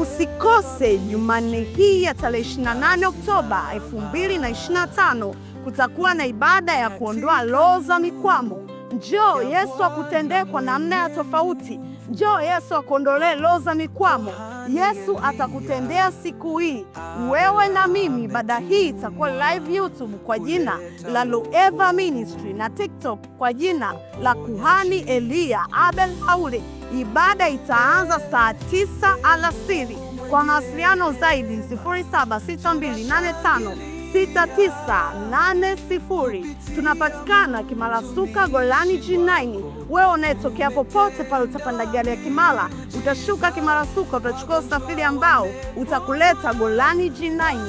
Usikose Jumanne hii ya tarehe 28 Oktoba 2025 kutakuwa na ibada ya kuondoa roho za mikwamo. Njoo Yesu akutendee kwa namna ya tofauti. Njoo Yesu akuondolee roho za mikwamo. Yesu atakutendea siku hii wewe wewe na mimi, ibada hii itakuwa live YouTube kwa jina la Loeva Ministry na TikTok kwa jina la Kuhani elia Abel Haule. Ibada itaanza saa tisa alasiri. Kwa mawasiliano zaidi 85 6980. Tunapatikana Kimara Suka Golani G9. Wewe unayetokea popote pale, utapanda gari ya Kimara, utashuka Kimara Suka, utachukua usafiri ambao utakuleta Golani G9.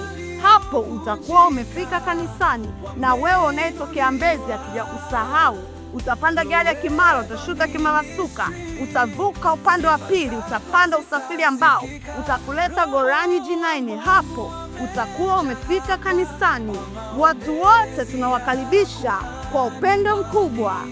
Hapo utakuwa umefika kanisani. Na wewe unayetokea Mbezi, hatuja kusahau Utapanda gari ya Kimara, utashuka Kimara Suka, utavuka upande wa pili, utapanda usafiri ambao utakuleta Golani G9. Hapo utakuwa umefika kanisani. Watu wote tunawakaribisha kwa upendo mkubwa.